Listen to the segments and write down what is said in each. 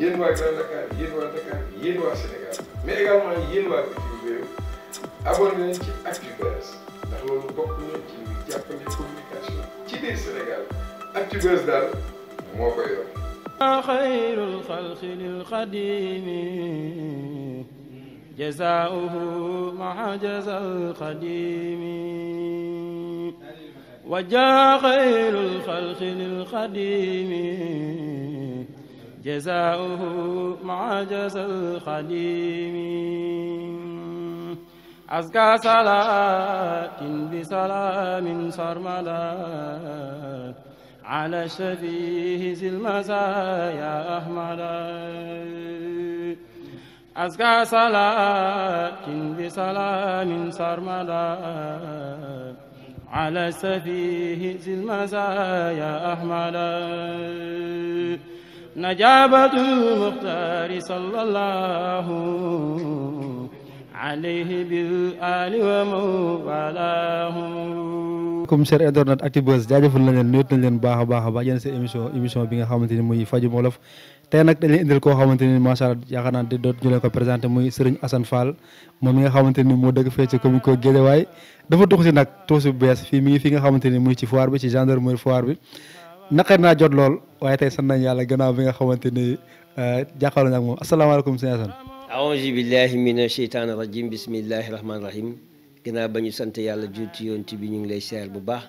yéen waa Grand Dakar yéen waa Dakar yéen waa Sénégal mais également yéen waa bitim réew abonné nañ ci ActuBuzz ndax loolu bokk na ci lu jàppandi communication ci biir Sénégal ActuBuzz daal moo koy yor. xayrul xalqi lil xadimi jazaauhu maa jazaal xadimi wa jaa xayrul xalqi lil xadimi جزاؤه مع جزاء الخديم أزكى صلاة بسلام سرمدا على الشفيه ذي المزايا أحمدا أزكى صلاة بسلام سرمدا على السفيه ذي المزايا أحمدا najaabatul muxtaari sallallahu alayhi bil aali wa mawlaahu comme cher a baax a baax yéen seen bi nga xamante ni muy fajum wolof tey nag xamante ni macha allah yaakaar naa doot ñu leen ko présenté muy Serigne Assane nga xamante ni moo dëgg fee ci commune ko Guédiawaye dafa tuxu si nag bu bees fii mi ngi fi nga xamante ni muy ci foire bi ci gendarmerie foire bi naqar naa jot lool waaye tey sant yàlla gannaaw bi nga xamante ni euh, jàkkaarloo naag moom asalaamaaleykum sëñ Assane aouzu billahi mina sheytaani rajim bismillahi rahmaani rahim gannaaw ba ñu sant yàlla juuti yoonti bi ñu ngi lay siyaar bu baax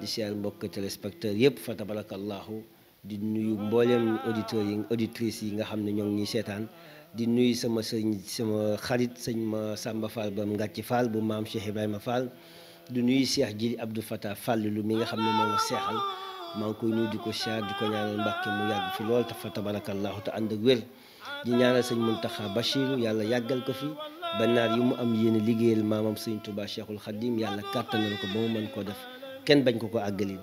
di siyaar mbokk téléspectateur yëpp fa tabarakallahu di nuyu mbooleem auditeurs yi auditrices yi nga xam ne ñoo ngi ñuy seetaan di nuyu sama sëñ sama xarit sëñ ma Samba Fall ba Ngàcci Fall bu maam Cheikh Ibrahima Fall di nuyu Cheikh ji Abdou Fatah Fall lu mi nga xam ne moo seexal maa ngi koy di ko siyaar di ko ñaanal Mbàkke mu yàgg fi lool te fa tabarakallahu te ànd ak wér di ñaanal sëñ Muntaxa Bachiru yàlla yàggal ko fi ba naar yi mu am yéen liggéeyal maamam sëñ Touba Cheikhul Khadim yàlla kàttanal ko ba mu mën koo def kenn bañ ko ko àggalil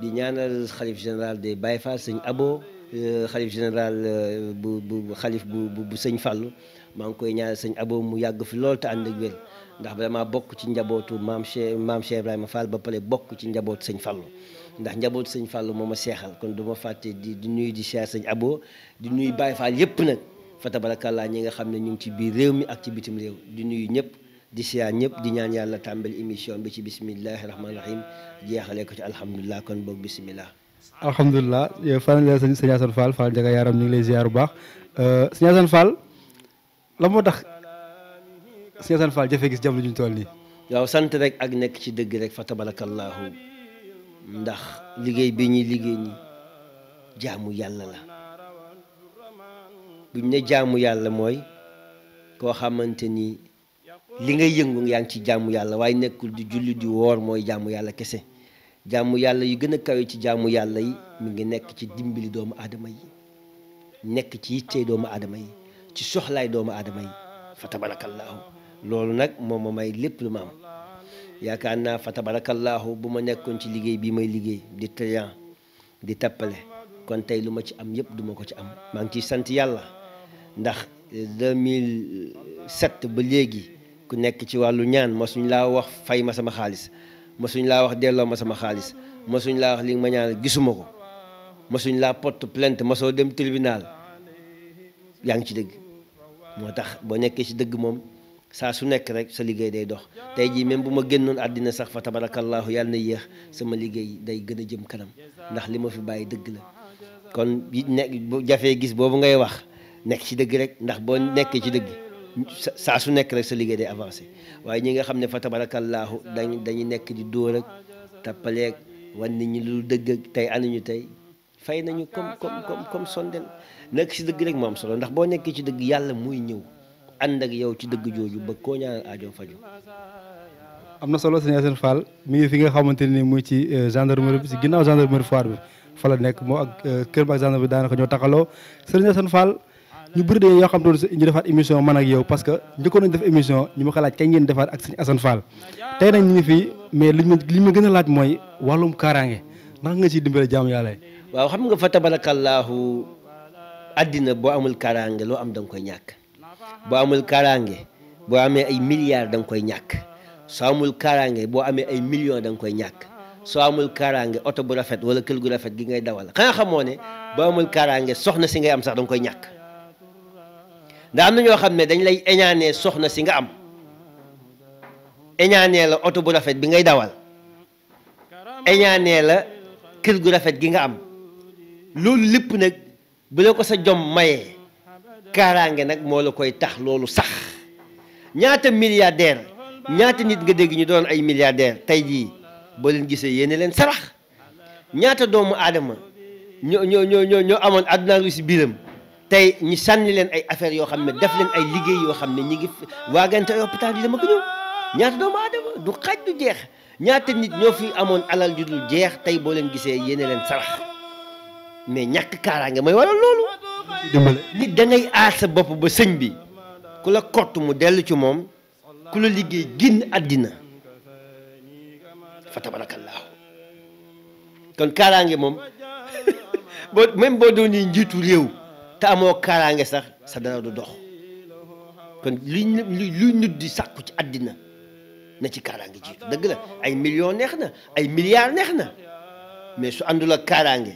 di ñaanal xalif général de Baye Fall sëñ Abo euh, xalif général euh, bu bu xalif bu bu sëñ Fallou maa ngi koy ñaanal sëñ Abo mu yàgg fi lool te ànd ak wér ndax vraiment bokk ci njabootu maam Cheikh maam Cheikh Ibrahima ba pare bokk ci njaboot sëñ Fallou ndax njaboot sëñ Fallou moo ma seexal kon du ma fàtte di di nuyu di siyaar sëñ aboo di nuyu Baye Fall yëpp nag fa tabarakallaa ñi nga xam ne ñu ngi ci biir réew mi ak ci bitim réew di nuyu ñëpp di siyaar ñëpp di ñaan yàlla tàmbali émission bi ci bismillahi rahmaani rahim jeexalee ko ci alhamdulilah kon boog bismillah alhamdulilah yow Fane la sëñ sëñ Assane Fall Fall Ndiaga Yaram ñu ngi lay ziar bu baax euh, sëñ Assane Fall la moo tax sëñ Assane Fall jafe gis jamono ju ñu toll nii. waaw sant rek ak nekk ci dëgg rek fa tabarakallaahu ndax liggéey bi ñuy liggéey ñi jaamu yàlla la buñ ne jaamu yàlla mooy koo xamante ni li ngay yëngu yaa ngi ci jaamu yàlla waaye nekkul di julli di woor mooy jaamu yàlla kese jaamu yàlla yu gën a kawe ci jaamu yàlla yi mu ngi nekk ci dimbali doomu aadama yi nekk ci yittey doomu adama yi ci soxlaay doomu adama yi fa tabarakallaahu loolu nag moom ma may lépp lu ma am yaakaar naa fa tabarakallahu bu ma nekkoon ci liggéey bii may liggéey di trian di tappale kon tey lu ma ci am yëpp duma ko ci am maa ngi ciy sant yàlla ndax 2007 ba léegi ku nekk ci wàllu ñaan mosuñ laa wax fay ma sama xaalis mosuñ laa wax delloo ma sama xaalis mosuñ laa wax li ma ñaan gisuma ko mosuñ laa porte plainte mosoo dem tribunal yaa ngi ci dëgg moo tax boo nekkee ci dëgg moom saa su nekk rek sa liggéey day dox tey jii même bu ma génnoon àddina sax fa tabarakallahu yàlla na yéex sama liggéey day gën a jëm kanam ndax li ma fi bàyyi dëgg la kon nekk bu jafee gis boobu ngay wax nekk ci dëgg rek ndax boo nekkee ci dëgg saa su nekk rek sa liggéey day waaye ñi nga xam ne fa tabarakallahu dañ dañuy nekk di dóor ak tappaleeg nit ñi lu dëgg ak tey anuñu tey fay nañu comme comme comme comme sondel nekk ci dëgg rek moo solo ndax boo nekkee ci dëgg yàlla muy ñëw ànd ak yow ci dëgg jooju ba koo ñaanal aajo faju am na solo sëñ Assane Fall mi fi nga xamante nii muy ci euh, gendarmerie bi si ginnaaw gendarmerie foire bi fa la nekk moo ak euh, kër ak gendarmerie daanaka ñoo taxaloo sëñ Assane Fall ñu bëri dañoo yoo xam doon ñu defaat émission man ak yow parce njëkkoon nañu def ko laaj kañ ngeen defaat ak sëñ Assane Fall tey nag ñu ngi fii mais liñ ma li ma gën a laaj mooy wàllum kaaraange naka nga ciy dimbale jaamu yàlla yi waaw xam nga fa tabarakallaahu addina boo amul kaaraange loo am da koy ñàkk boo amul kaaraange boo amee ay milliards danga koy ñàkk soo amul kaaraange boo amee ay millions da koy ñàkk soo amul kaaraange oto bu rafet wala kër gu rafet gi ngay dawal xanaa xamoo ne boo amul soxna si ngay am sax nga koy ñàkk ndax ñoo xam ne dañ lay éñaanee soxna si nga am éñaanee la oto bu rafet bi ngay dawal éñaanee la kër gu rafet gi nga am loolu lépp nag bu la ko sa jom mayee kaaraange nag moo la koy tax loolu sax ñaata milliardaire ñaata nit nga dégg ñu doon ay milliardaire tey jii boo leen gisee yéene leen sarax ñaata doomu aadama ñoo ñoo ñoo ñoo ñoo amoon àdduna lu si biiram tey ñu sànni leen ay affaire yoo xam ne def leen ay liggéey yoo xam ne ñi ngi waagante ay hôpital dama ko ñëw du xaaj jeex ñaata nit ñoo amoon alal ju dul jeex tey boo leen gisee yéene leen sarax mais ñàkk kaaraange mooy waral loolu dimbale nit da aar sa bopp ba sëñ bi ku la kott mu dellu ci moom ku la liggéey génn àddina fa tabarakallaahu kon kaaraange moom boo boo doon njiitu réew te amoo kaaraange sax sa dara du dox kon luy luy sàkku ci àddina na ci kaaraange jiitu dëgg la ay millions neex na ay milliards neex na mais su àndul a kaaraange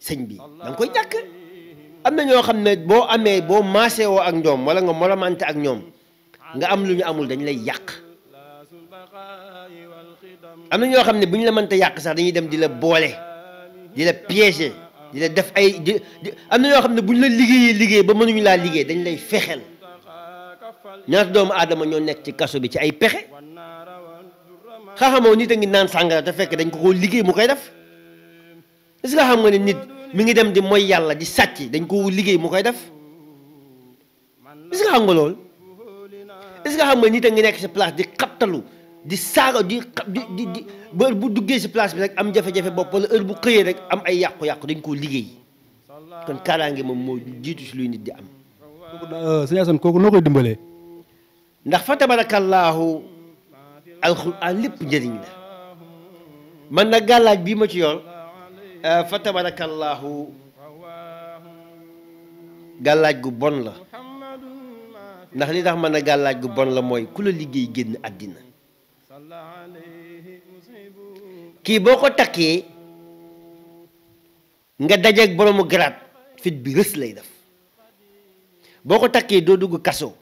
sëñ bi da koy ñàkk am na ñoo xam ne boo amee boo maasee woo ak ñoom wala nga molomante ak ñoom nga am lu ñu amul dañ lay yàq am na ñoo xam ne bu ñu la mënta yàq sax dañuy dem di la boole di la piéger di la def ay di am na ñoo xam ne bu ñu liggéeyee liggéey ba mënuñu laa liggéey dañ lay fexeel ñaata doomu aadama ñoo nekk ci kaso bi ci ay pexe xaxamoo nit a ngi naan sàngara te fekk dañ ko koo liggéey mu koy def est xam nga ne nit mi ngi dem di mooy yàlla di sàcc dañ ko liggéey mu koy def est-ce que xam nga loolu est-ce xam nga nit a ngi nekk si place di xabtalu di saaga di di di di ba heure bu duggee si place bi rek am jafe-jafe bopp wala heure bu xëyee rek am ay yàqu-yàqu dañ koo liggéey kon kaaraange moom moo jiitu si luy nit di am. Euh, sëñ Assane kooku noo koy dimbalee. ndax fa tabarakallaahu alxuraan lépp njëriñ la man nag gàllaaj bii ma ci yor. Euh, fa tabarakallahu gàllaaj gu bon la ndax li tax mën gàllaaj gu la mooy ku liggéey génn àddina kii boo ko takkee nga dajeeg boroomu garaat fit bi rës lay def boo ko takkee doo dugg kaso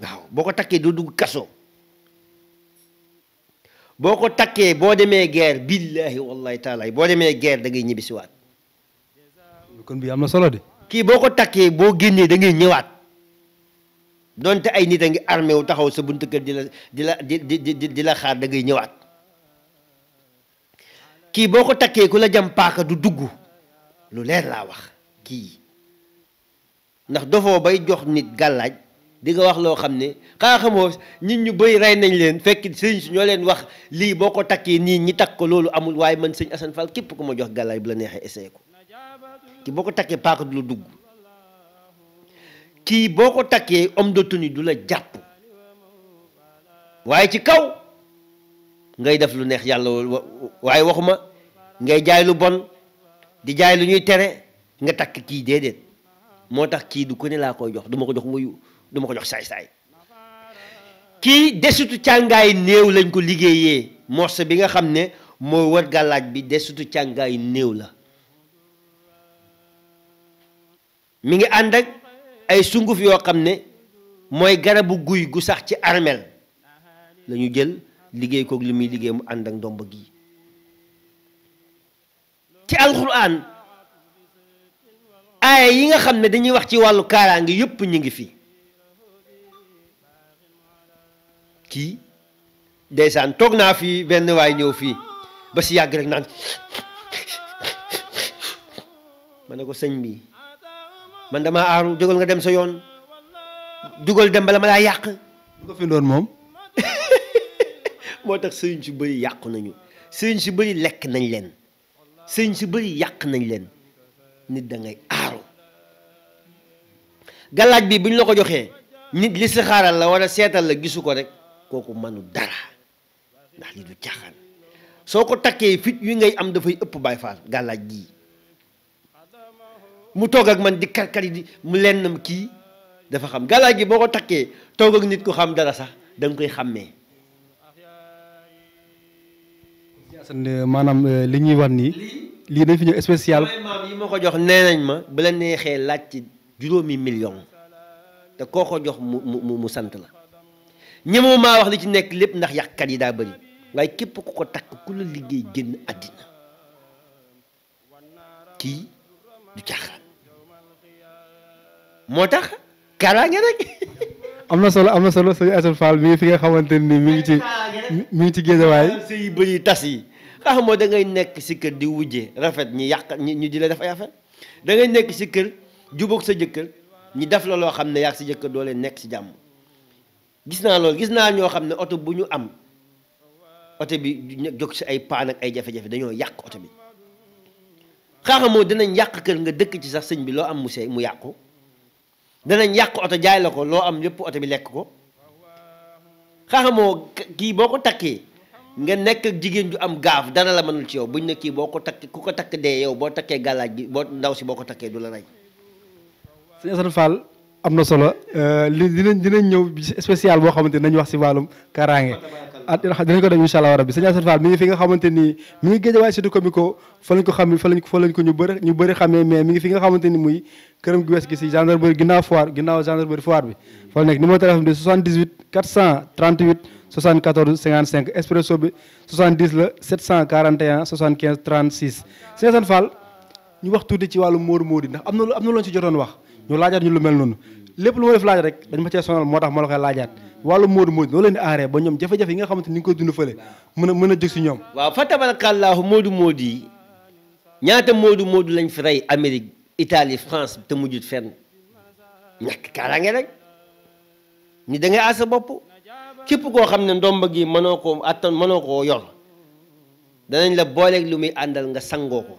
waaw boo ko takkee doo dugg kaso boo ko takkee boo demee guerre billahi wallahi taala boo demee guerre da ngay ñibbisiwaat. kon bi am na solo de. kii boo ko takkee boo génnee da ngay ñëwaat donte ay nit a ngi armé wu taxaw sa bunt kër di la di la di di di la xaar da ngay ñëwaat kii boo ko takkee ku la jam paaka du dugg lu leer laa wax kii ndax dofoo bay jox nit gàllaaj di nga wax loo xam ne xaa xamoo nit ñu bëri rey nañ leen fekk sëñ si ñoo leen wax lii boo ko takkee nii ñi takk ko loolu amul waaye mën sëñ Assane Fall képp ku ma jox gàllaay bu la neexee essayé ko kii boo ko takkee paaka du la dugg kii boo ko takkee homme de tenue du la jàpp waaye ci kaw ngay def lu neex yàlla waaye waxuma ngay jaay lu bon di jaay lu ñuy tere nga takk kii déedéet moo tax kii du ko ne laa koy jox du ma ko jox wuyu du ko jox saay-saay kii desitu càngaay néew lañ ko liggéeyee morse bi nga xam ne mooy wër gàllaaj bi desitu càngaay néew la mi ngi ànd ak ay sunguf yoo xam ne mooy garabu guy gu sax ci armel lañu jël liggéey koog li muy liggéey mu ànd ak ndomba gi ci alxuraan aaya yi nga xam ne dañuy wax ci wàllu kaaraange yëpp ñu ngi fi kii ndeysaan toog naa fi benn waay ñëw fii ba si yàgg rek naan ma ne ko sëñ bi man damaa aaru jógal nga dem sa yoon dugal dem bala ma laa yàq. du moom. moo tax sëriñ si bëri yàqu nañu sëriñ si bëri lekk nañ leen sëriñ si bëri yàq nañ leen nit da aaru. galaaj bi buñ la ko joxee nit li si la war a seetal la gisu ko rek. kooku manu dara ndax lii du caaxaan soo ko takkee fit yi ngay am dafay ëpp Baay Faal gàllaaj ji mu toog ak man di karkari di mu lennam kii dafa xam gàllaaj gi boo ko takkee toog ak nit ku xam dara sax da nga koy xàmmee euh, maanaam euh, li ñuy wax nii lii dañ fi ñëw spécial yi ma ko jox nee ma bu neexee laaj ci juróomi million te koo ko jox mu mu mu sant la ñemoo maa wax li ci nekk lépp ndax yàqkat yi daa bëri waaye képp ku ko takk ku la liggéey génn àddina kii du caaxaan moo tax kaaraange rek am na solo am na solo sëñ Assane Fall mi ngi fi nga xamante ni mi ngi ci mi ngi ci géejawaay sëy bëri tas yi xam moo da ngay nekk si kër di wujje rafet ñi yàq ñi di la def ay affaire da ngay nekk si kër jubóog sa jëkkër ñi def la loo xam ne yàq si jëkkër doo leen nekk si jàmm gis naa loolu gis naa ñoo xam ne oto bu ñu am oto bi jog si ay paan ak ay jafe-jafe dañoo yàq oto bi xaaxa moo danañ yàq kër nga dëkk ci sax sëñ bi loo am muse mu yàqu danañ yàq oto jaay la ko loo am yépp oto bi lekk ko xaaxa moo kii boo ko takkee nga nekk ak jigéen ju am gaaf dara la mënul ci yow buñ ne kii boo ko takk ku ko takk dee yow boo takkee gàllaaj gi boo ndaw si boo ko takkee du la rey. am na solo euh, li dinañ dinañ ñëw spécial boo xamante nañ wax si wàllum kaaraange ah, dinañ ko def incha allah rabbi nga xam fa lañ fa lañ ko ñu bëri ñu bëri xamee mais mi ngi fi nga xamante ni muy këram gu wees gi si gendarmerie ginnaaw foire ginnaaw gendarmerie foire bi fa nekk numéro téléphone ñu wax tuuti ci wàllu móor móor ndax am na am na loo ci jotoon wax ñu laajaat ñu lu mel noonu lépp lu ma def laaj rek dañ ma moo tax ma la koy laajaat wàllu moodu moodu noo leen di aaree ba ñoom jafe-jafe yi nga xamante ni ñu ngi koy dund fële mën a mën a jóg si ñoom waaw fa tabarakallaahu moodu moodu yi ñaata moodu moodu lañ fi rey Amérique Italie France te mujjut fenn ñàkk kaaraange rek ni da ngay sa bopp képp koo xam ne ndomba gi mënoo ko attan mënoo ko yoon danañ la booleeg lu muy àndal nga sangoo ko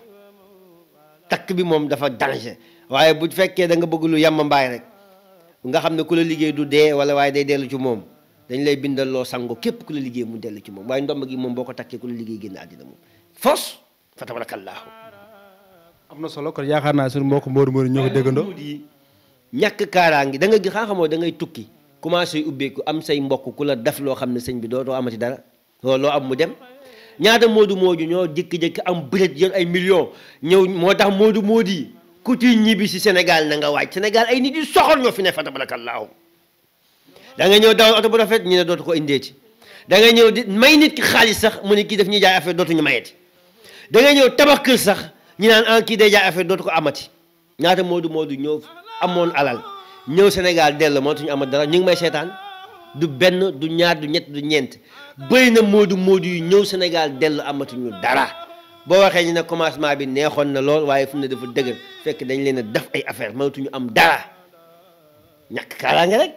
takk bi moom dafa danger waaye bu fekkee da nga bëgg lu yàmm mbaay rek nga xam ne ku la liggéey du dee wala waaye day dellu ci moom dañ lay bindal loo sango képp ku la liggéey mu dellu ci moom waaye ndomb gi moom boo ko takkee ku la liggéey génn àddina moom fos fa tabarakallahu am na solo kon yaakaar naa suñu mbokk Modou Modou ñoo ko déggandoo ñàkk kaaraangi da nga gi xam da ngay tukki commencé ubbeeku am say mbokk ku def loo xam ne sëñ bi dootoo amati dara loolu loo am mu dem ñaata Modou Modou ñoo jékki-jékki am bërét yor ay million ñëw moo tax moodu Modou ku ci ñibbi si Sénégal na nga waaj Sénégal ay nit yu soxor ñoo fi ne fa tabarakallahu da nga ñëw dawal oto bu rafet ñu ne dootu ko indeeti da nga ñëw di may nit ki xaalis sax mu ne kii daf ñuy jaay affaire dootuñu mayeeti da ñëw tabax kër sax ñu naan ah kii day jaay affaire dootu ko amati ñaata moodu moodu ñëw amoon alal ñëw Sénégal dell moo tuñu amati dara ñu ngi may seetaan du benn du ñaar du ñett du ñeent bëri na moodu moodu yu ñëw dell dellu amatuñu dara boo waxee ñu ne commencement bi neexoon na lool waaye fu mu ne dafa dëgër fekk dañ leen a def ay affaire mënatuñu am dara ñàkk kaaraange rek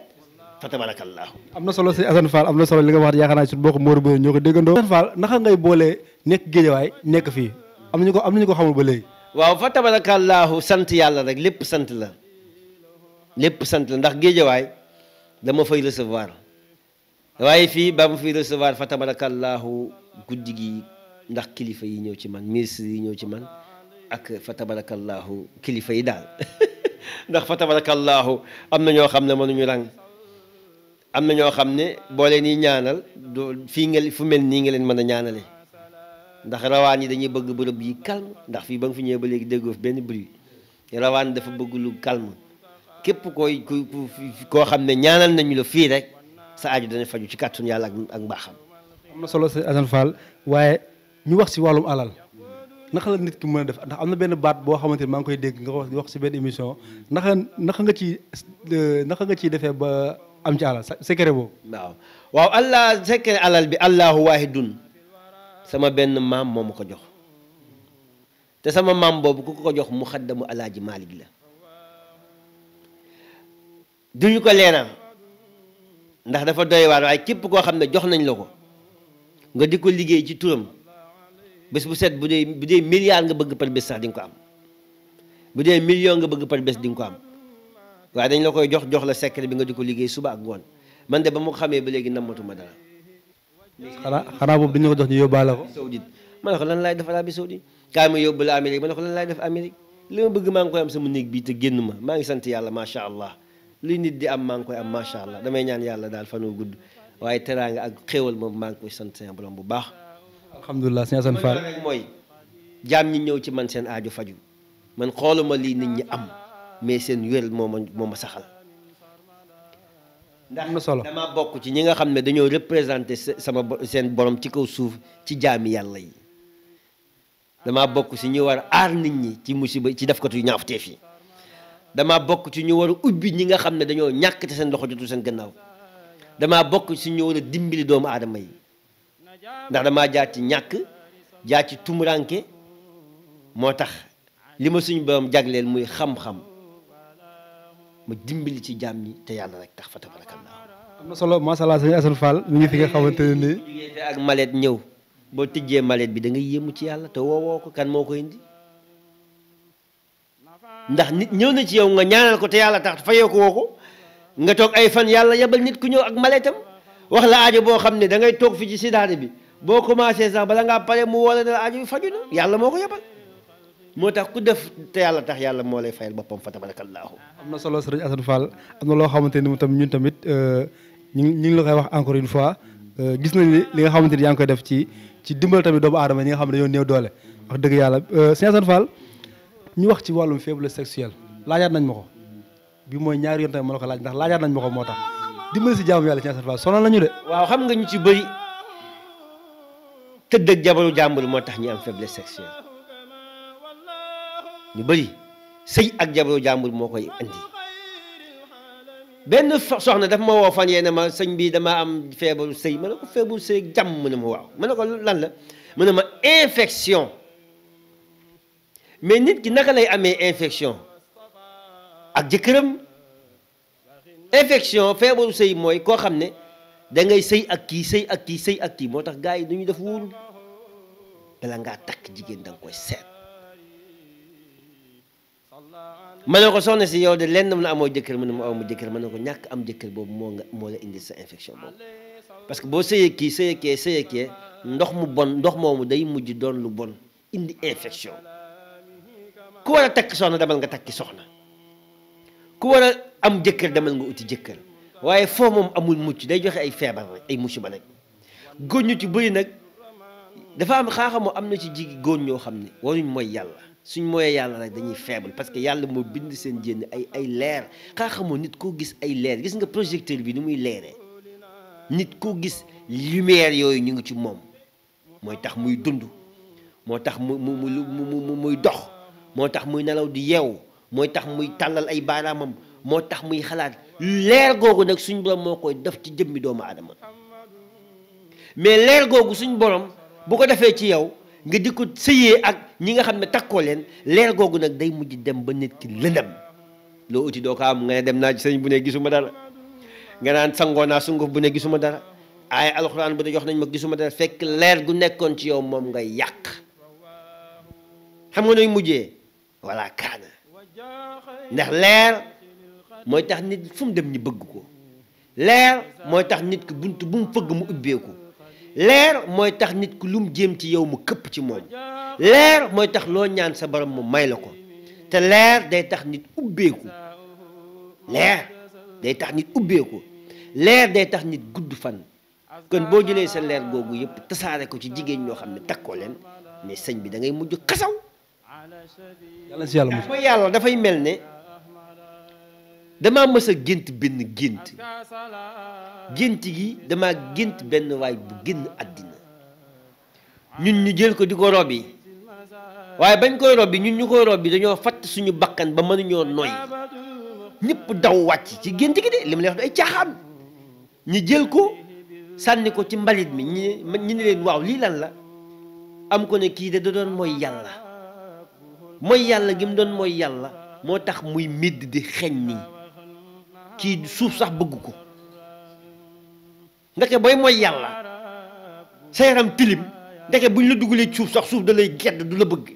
fa tabarakallahu am na solo si Assane Fall am na solo li nga wax yaakaar naa si mbokk Mor Mbaye ñoo ko déggandoo. Assane Fall naka ngay boolee nekk géejawaay nekk fii am ñu ko am nañu ko xamul ba léegi. waaw fa tabarakallahu sant yàlla rek lépp sant la lépp sant la ndax géejawaay dama fay recevoir waaye fii ba mu fiy recevoir fa ndax kilifa yi ñëw ci man ministre yi ñëw ci man ak fa tabarakallahu kilifa yi daal ndax fa tabarakallahu am na ñoo xam ne mënuñu ràng am na ñoo xam ne boo leen yi ñaanal doo fii nga fu mel nii nga leen mën a ñaanale ndax rawaan yi dañuy bëgg bërëb yi calme ndax fii ba nga fi ñëwee ba léegi déggoo fi benn bruit rawaan dafa bëgg lu calme képp koo xam ne ñaanal nañu la fii rek sa aajo dana faju ci kàttun yàlla ak ak mbaaxam waaye ñu wax si wàllum alal naka la nit ki mën a def ndax am na benn baat boo xamante ni maa ngi koy dégg nga wax si benn émission naka naka nga ci naka nga ciy defee ba am ci alal secret boobu. waaw waaw allah secret alal bi allahu waahidun sama benn maam moom ma ko jox te sama maam boobu ku ko jox mu xaddamu ji maalig la duñu ko leena ndax dafa doy waar waaye képp koo xam ne jox nañ la ko nga di ko liggéey ci turam. bés bu set bu dee bu milliard nga bëgg par bés sax di ko am bu dee million nga bëgg par bés di nga ko am waaye dañ la koy jox jox la secret bi nga di ko liggéey suba ak ngoon man de ba mu xamee ba léegi nammatuma dara. xanaa xanaa boobu dañu ko dox ñu yóbbaale ko. saoudite ma ne ko lan laay def Arabie Saoudite kaay ma yóbbu la Amérique ma ne ko lan laay def Amérique li ma bëgg maa ngi koy am sama néeg bii te génn ma maa ngi sant yàlla macha allah li nit di am maa ngi koy am macha allah damay ñaan yàlla daal fan wu gudd waaye teraanga ak xéewal moom maa ngi koy sant borom bu baax. alhamdulilah sëñ Assane Fall mooy jaam ñi ñëw ci man seen aaju faju man xooluma lii nit ñi am mais seen wér moo ma moo ma saxal ndax na solo dama bokk ci ñi nga xam ne dañoo représenté sama seen borom ci kaw suuf ci jaami yàlla yi dama bokk ci ñu war a aar nit ñi ci musiba ci defkatu yu ñaawteef yi dama bokk ci ñu war a ubbi ñi nga xam ne dañoo ñàkk te seen loxo jotul seen gannaaw dama bokk ci ñu war a dimbali doomu aadama yi ndax damaa jaar ci ñàkk jaar ci tumuranke moo tax li ma suñu borom jagleel muy xam-xam ma dimbali ci jaam yi te yàlla rek tax fa tabarakallah am na solo macha allah sëñ Assane Fall ngi fi nga xamante ne nii. ak malet ñëw boo tijjee malet bi da nga yéemu ci yàlla te woowoo ko kan moo ko indi ndax nit ñëw na ci yow nga ñaanal ko te yàlla tax fayoo ko woo ko nga toog ay fan yàlla yebal nit ku ñëw ak maletam. wax la aajo boo xam ne da ngay toog fi ci sidaare bi boo commencé sax bala ngaa pare mu wóor ne la aajo bi faju na yàlla moo ko yebal moo tax ku def te yàlla tax yàlla moo lay fayal boppam fa tabarakallaahu am na solo sëriñ Assane Fall am na loo xamante ni mu tam ñun tamit euh, ñu ñu ngi la koy wax encore une fois euh, gis nañ li nga xamante ni yaa ngi koy def ci ci dimbal tamit doomu aadama ñi nga xam ne dañoo néew doole wax dëgg yàlla euh, sëriñ Assane wax ci wàllum faiblesse sexuelle laajaat nañ ma ko bi mooy ñaari yoon tamit ma la ko laaj ndax laajaat nañ ma ko moo tax dimbali si jaamu yàlla ci Assane Fall sonal nañu de. waaw xam nga ñu ci bëri tëdd ak jabaru jàmbur moo tax ñu am faiblesse sexuelle ñu bëri sëy ak jabaru jàmbur moo koy andi benn soxna daf ma woo fan yee ne ma sëñ bi dama am feebaru sëy ma ne ko feebaru sëy jàmm mu ma waaw ma ne ko lan la mu ne ma infection mais nit ki naka lay amee infection ak jëkkëram infection feebaru sëy mooy koo xam ne da ngay sëy ak kii sëy ak kii sëy ak kii moo tax gars yi du ñu def wóorul bala ngaa takk jigéen danga nga koy seet ma ne ko soxna si yow de lenn mun a amoo jëkkër mu ne ma amoo jëkkër ma ne ko ñàkk am jëkkër boobu moo nga moo la indi sa infection boobu parce que boo sëyee kii sëyee kee sëyee kee ndox mu bon ndox moomu day mujj doon lu bon indi infection ku war a takk soxna demal nga takki soxna ku war a am jëkkër demal nga uti jëkkër waaye foo moom amul mucc day joxe ay feebar rek ay ba rek góor ñu ci bëri nag dafa am xaaxamoo am na ci jigi góor ñoo xam ne waruñ mooy yàlla suñ mooyee yàlla rek dañuy faible parce que yàlla moo bind seen jénn ay ay leer xaaxamoo nit koo gis ay leer gis nga projecteur bi ni muy leeree nit koo gis lumière yooyu ñu ngi ci moom mooy tax muy dund moo tax mu mu mu muy dox moo tax muy nelaw di yeewu mooy tax muy tàllal ay baaraamam moo tax muy xalaat leer googu nag suñ borom moo koy def ci jëmmi doomu adama mais leer googu suñ borom bu ko defee ci yow nga di ko sëyee ak ñi nga xam ne takkoo leen leer googu nag day mujj dem ba nit ki lëndam loo uti doo ko am nga ne dem naa ci sëñ bu ne gisuma dara nga naan sangoo naa sunguf bu ne gisuma dara ay alxuraan bu ne jox nañ ma gisuma dara fekk leer gu nekkoon ci yow moom nga yàq xam nga nooy mujjee voilà kaana ndax leer mooy tax nit fu mu dem ñu bëgg ko leer mooy tax nit ki bunt bu mu fëgg mu ubbeeku leer mooy tax nit ku lu mu jéem ci yow mu këpp ci moom leer mooy tax loo ñaan sa borom mu may la ko te leer day tax nit ubbeeku leer day tax nit ubbeeku leer day tax nit gudd fan kon boo jëlee sa leer googu yëpp tasaare ko ci jigéen ñoo xam ne takkoo leen mais sëñ bi da ngay mujj kasaw yàlla si yàlla dafa yàlla dafay mel ne damaa mës a gént benn gént gént gi dama gént benn waay bu génn àddina ñun ñu jël ko di ko rob yi waaye bañ koy rob ñun ñu koy rob yi dañoo fatt suñu bàkkan ba mënuñoo noy ñëpp daw wàcc ci gént gi de li ma lay wax du ay caaxaan ñu jël ko sànni ko ci mbalit mi ñi ñi leen waaw lii lan la am ko ne kii de da doon mooy yàlla mooy yàlla gi mu doon mooy yàlla moo tax muy midd di xeñ nii kii suuf sax bëgg ko ndeke booy mooy yàlla sa yaram tilim ndeke buñ la dugalee suuf sax suuf dalay lay gedd du la bëgg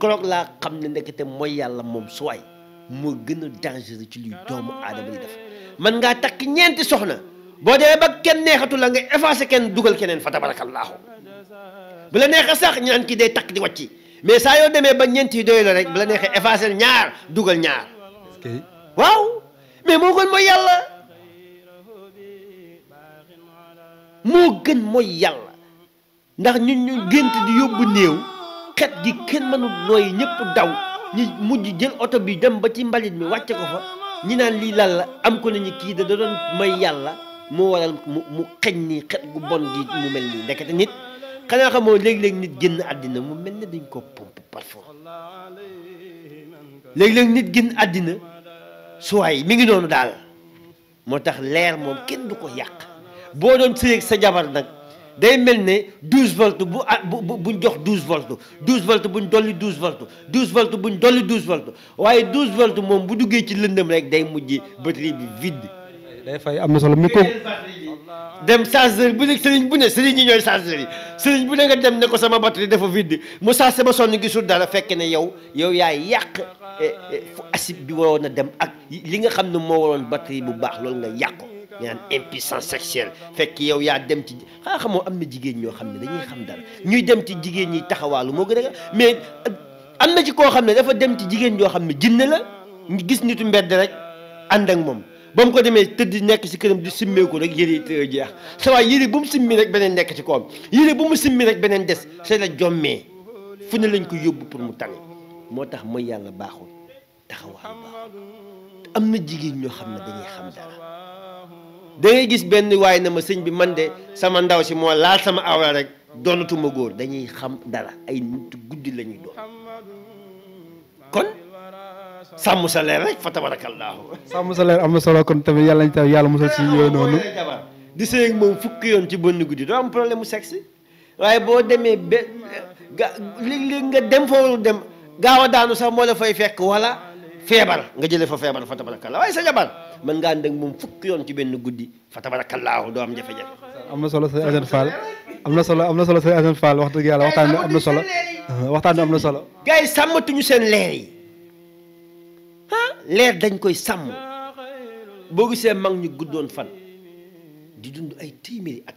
keroog laa xam ne ndekete mooy yàlla moom suwaay moo gën a dangereux ci luy doomu aadama yi def man ngaa takk ñeenti soxna boo demee ba kenn neexatu la nga effacé kenn dugal keneen fa tabarakallaahu bu la neexee sax ñaan kii day takk di wàcci mais saa yoo demee ba ñeent yi doy la rek bu la neexee effacer ñaar dugal ñaar waaw mais moo gën mooy yàlla moo gën mooy yàlla ndax ñu ñu gént di yóbbu néew xet gi kenn mënul nooy ñëpp daw ñu mujj jël oto bi dem ba ci mbalit mi wàcce ko fa ñi naan lii lan la am ko nañu kii da doon may yàlla mu waral mu mu xeñ ni xet gu bon gi mu mel nii ndekete nit xanaa xamoo léeg-léeg nit génn àddina mu mel ne dañ ko pompe parfois léeg-léeg nit génn àddina suwaay mi ngi noonu daal moo tax leer moom kenn du ko yàq boo doon sëyeeg sa jabar nag day mel ne douze volts bu ah bu buñ jox douze volts douze volts buñ dolli douze volts douze volts buñ dolli douze volts waaye douze volts moom bu duggee ci lëndëm rek day mujj batterie bi vide. day fay am na solo mi ko dem chargeur bu ne sëriñ bu ne sëriñ ñi ñooy chargeur yi sëriñ bu ne nga dem ne ko sama batterie dafa vide mu chargé ba sonn gisul dara fekk ne yow yow yaay yàq eh, eh, fu bi waroon a dem ak li nga xam ne moo waroon batterie bu baax loolu nga yàqu ko nga naan impuissance sexuelle fekk yow yaa dem ci xanaa xamoo am na jigéen ñoo xam ne dañuy xam dara ñuy dem ci jigéen ñi taxawaalu moo gën a mais am na ci koo xam ne dafa dem ci jigéen ñoo xam ne jinne la gis nitu mbedd rek ànd ak moom ba mu ko demee tëdd nekk ci këram di simmeeku rek yére yi jeex sa waay yére bu mu simmi rek beneen nekk ci koom yére bu mu simmi rek beneen des c'est la jommee fu ne lañ ko yóbbu pour mu tane moo tax mooy yàlla baaxul taxawaal am na jigéen ñoo xam ne dañuy xam dara da gis benn waaye na ma sëñ bi man de sama ndaw si moo laal sama awra rek doonatuma góor dañuy xam dara ay nit guddi la doon kon sàmm sa leer rek fa tabarakallaahu sàmm sa leer am na solo kon tamit yàlla nañu tamit yàlla musal si yooyu noonu jabar di sëy ak moom fukki yoon ci bënn guddi doo am problème mu waaye boo demee ba nga dem fa dem gaaw daanu sax moo fay fekk wala feebar nga jëlee fa feebar fa tabarakallaahu waaye sa jabar man ngaa ànd ak moom fukk yoon ci benn guddi fa tabarakallaahu doo am jafe-jafe am na solo sëñ am na solo am na solo sëñ Assane Fall wax dëgg yàlla waxtaan bi am na solo waxtaan bi am na solo gars sàmmatuñu seen leer yi leer dañ koy sàmm boo gisee mag ñu guddoon fan di dund ay téeméeri ak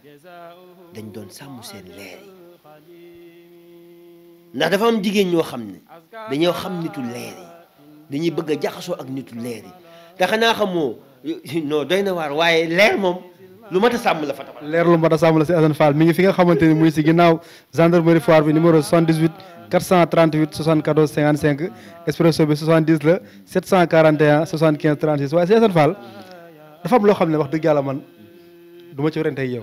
dañ doon sàmm seen leer yi ndax dafa am jigéen ñoo xam ne dañoo xam nitu leer yi dañuy bëgg a jaxasoo ak nitu leer yi te xanaa xamoo non doy na waar waaye leer moom lu mat a sàmm la fa leer la si Assane Fall mi ngi fi nga xamante ni muy si ginnaaw gendarmerie foire bi numéro 78 438 74 55 expresso bi 70 la 741 75 36 waaye si Assane Fall dafa am loo xam ne wax dëgg yàlla man du ma ci werante ak yow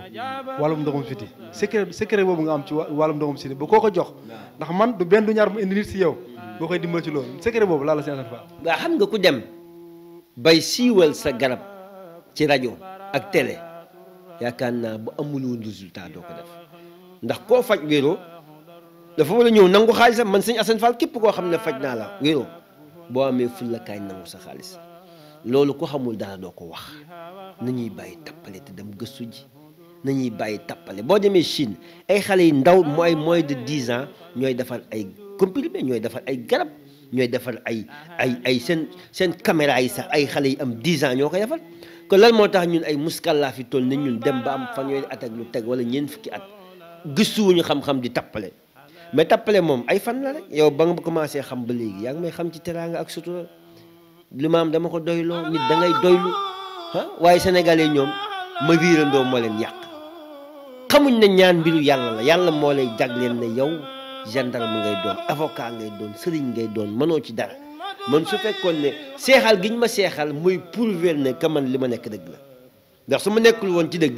wàllum ndoxum siti secret secret boobu nga am ci wàllum ndoxum siti bu koo ko jox ndax man du benn du ñaar mu indi nit si yow boo koy dimbal ci loolu secret si Assane Fall waa xam ci rajo ak télé yaakaar naa bu amul woon résultat doo ko def ndax koo faj wéeroo dafa war a ñëw nangu xaalisam man sañ Assane Fall képp koo xam ne faj naa la wéeroo boo amee fulla kaay nangu sa xaalis loolu ko xamul dara doo ko wax nañuy bàyyi tappale te dem gëstu ji nañuy bàyyi tappale boo demee Chine ay xale yi ndaw mooy moins de dix ans ñooy defar ay comprimés ñooy defar ay garab ñooy defar ay ay ay seen seen caméra yi sax ay xale yi am 10 ans ñoo koy defar kon lan moo tax ñun ay muskalla fi toll ne ñun dem ba am fanweeri at ak ñu teg wala ñeent fukki at gëstuwuñu xam-xam di tappale mais tappale moom ay fan la rek yow ba nga commencé xam ba léegi yaa ngi may xam ci teraanga ak sutura li ma am dama ko doyloo nit da ngay doylu ah waaye sénégalais ñoom ma wiirandoo moo leen yàq xamuñ na ñaan mbiru yàlla la yàlla moo lay jagleen ne yow gendarme ngay doon avocat ngay doon sëriñ ngay doon mënoo ci dara man su fekkoon ne seexal gi ñu ma seexal muy prouver ne que man li ma nekk dëgg la ndax su ma nekkul woon ci dëgg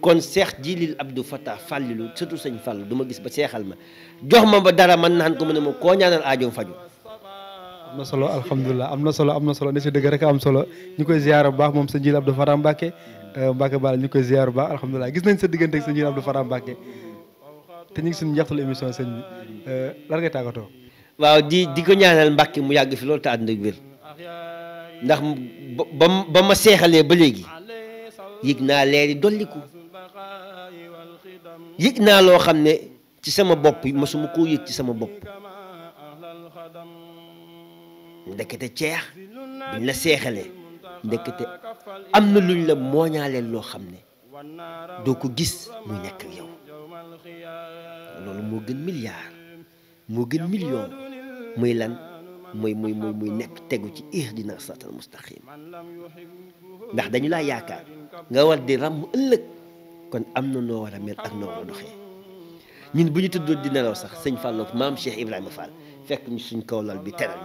kon seex jilil Abdou fataa fàllilu surtout sëñ fàllu du ma gis ba seexal ma jox ma ba dara man naan ko mu ne ma koo ñaanal aajoom faju am na solo alhamdulilah am na solo am na solo ne si dëgg rek am solo ñu koy ziyaar bu baax moom sëñ jilil Abdou Fatah Mbacke euh, Mbacke Balla ñu koy ziyaar bu baax alhamdulilah gis nañ sa diggante ak sëñ jilil Abdou Fatah Mbacke te ñu ngi suñu njeextalu émission sëñ bi euh, lan ngay tàggatoo. waaw di di ko ñaanal Mbàkke mu yàgg fi loolu te ànd wér ndax ba ma seexalee ba léegi yëg naa leeri dolliku yëg naa loo xam ne ci sama bopp masuma koo yëg ci sama bopp ndekete ceex buñ la seexalee ndekete am na luñ la mooñaaleel loo xam ne doo ko gis muy nekk yow loolu moo gën milliard moo gën million muy lan muy muy muy muy nekk tegu ci dina siraatal mustaqim ndax dañu la yaakaar nga war di ràmm ëllëg kon am na noo war a mel ak noo war a bu ñu tuddoo di nelaw sax sëñ Fallou maam Cheikh Ibrahima Fall fekk ñu suñ kaw lal bi teral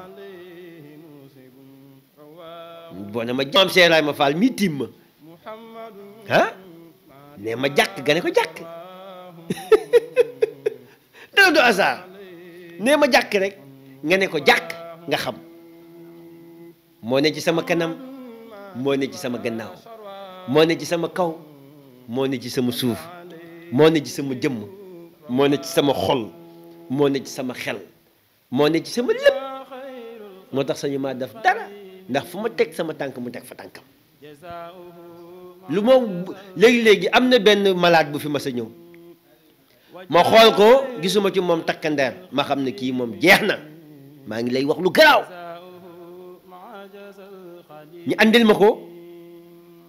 boo ne ma maam Cheikh ah? ne ko jàkk dara du hasard nee ma jàkk rek nga ne ko jàkk nga xam moo ne ci sama kanam moo ne ci sama gannaaw moo ne ci sama kaw moo ne ci sama suuf moo ne ci sama jëmm moo ne ci sama xol moo ci sama xel moo ne ci sama lépp moo tax sañu maa def dara ndax fu ma teg sama tànk mu teg fa tànkam lu moom léegi-léegi am na benn malaat bu fi mas a ñëw ma xool ko gisuma ci moom takkandeer ma xam ne kii moom jeex na maa ngi lay wax lu garaaw ñu andil ma ko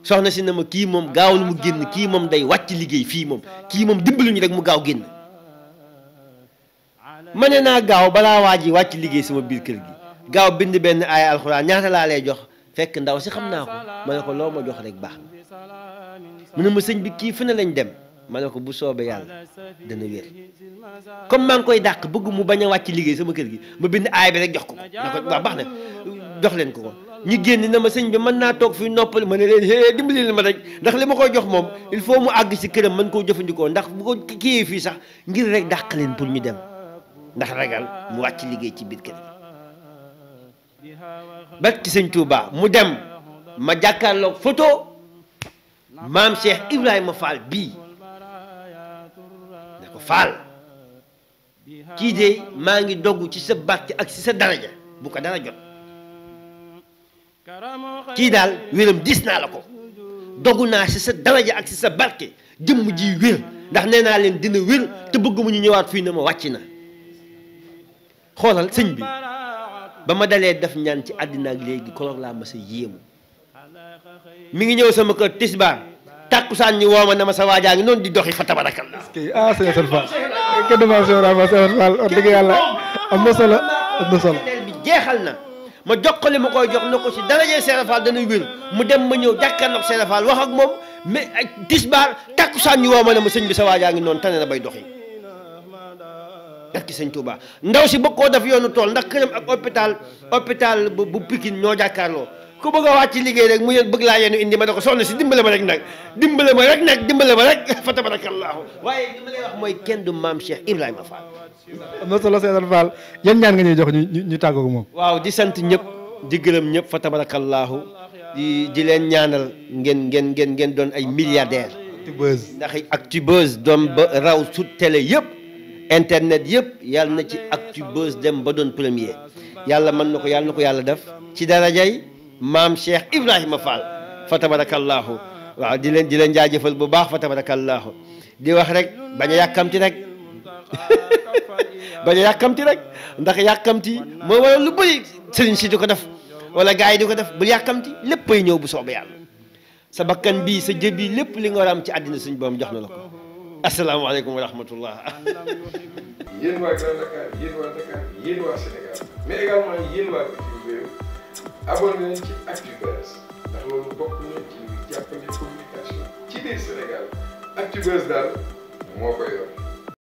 soxna si na ma kii moom gaawul mu génn kii moom day wàcc liggéey fii moom kii moom lu ñu rek mu gaaw génn ma ne naa gaaw balaa waa ji wàcc liggéey sama biir kër gi gaaw bind benn aaya alxuraan ñaata laa lay jox fekk ndaw si xam naa ko ma ne ko loo ma jox rek baax na mu ne ma sëñ bi kii fu ne lañ dem ma ne ko bu soobee yàlla dana wér comme maa ngi koy dàq bëgg mu bañ a wàcc liggéey sama kër gi ma bind aay bi rek jox ko ko na ko na jox leen ko ko ñu génn na ma sëñ bi mën naa toog fii noppali ma ne leen hé dimbali leen ma rek ndax li ma koy jox moom il faut mu àgg si këram mën koo jëfandikoo ndax bu ko kiyee fii sax ngir rek dàq leen pour ñu dem ndax ragal mu wàcc liggéey ci biir kër gi barki sëñ Touba mu dem ma jàkkaarloog photo maam Cheikh Ibrahima bii faal kii de maa ngi dogg ci sa barke ak ci sa daraja bu ko dara jot kii daal wéram dis naa la ko dogu naa ci sa daraja ak ci sa barke jëmm ji wér ndax nee naa leen dina wér te bëgg mu ñu ñëwaat fii ne ma wàcc na xoolal sëñ bi ba ma dalee def ñaan ci àddina ak léegi koroog laa ma sa yéemu mi ngi ñëw sama kër tisbaar tàkkusaan ñi woo ma ne ma sa waajaa ngi noonu di doxi fa tabarakallah ah sëñ Assane Fall kenn du jeexal na ma jox ko li ma koy na ko si darajee Sëñ mu dem ma ñëw jàkkaarloog Sëñ wax ak moom mais tisbaar tàkkusaan ñi woo ma ne ma sëñ bi sa waajaa ngi noonu tane na bay doxi dakki sëñ Touba ndaw si bokkoo daf yoonu tool ndax këram ak hôpital hôpital bu Pikine ñoo jàkkaarloo ku bëgg a ci liggéey rek mu yéen bëgg laa yeenu indi ma ne ko soxna si dimbale ma rek nag dimbale ma rek nag dimbale ma fa tabarakallahu waaye mooy kenn du maam Cheikh Ibrahima Fall. am na solo Seydou Fall yan ñaan nga ñuy jox ñu ñu tàggoog moom. waaw di sant ñëpp di gërëm ñëpp fa tabarakallahu di di leen ñaanal ngeen ngeen ngeen ngeen doon ay milliardaire ndax actubeuse doon ba raw su télé yëpp internet yëpp yàlla na ci actubeuse dem ba doon premier yàlla mën na ko yàlla na ko yàlla def maam Cheikh Ibrahima Fall fa tabarakallahu waaw di leen di leen jaajëfal bu baax fa tabarakallahu di wax rek bañ a yàkkamti rek bañ a yàkkamti rek ndax yàkkamti moo waral ko def wala gars yi di ko def bul yàkkamti léppay ñëw bu soobee yàlla sa bakkan bii sa jëb bii lépp li nga war a am ci àddina suñu boom jox na la ko asalaamaaleykum wa rahmatullah abonné nañ ci ActuBuzz ndax loolu bokk na ci luy jàppale communication ci biir Sénégal ActuBuzz daal moo ko yor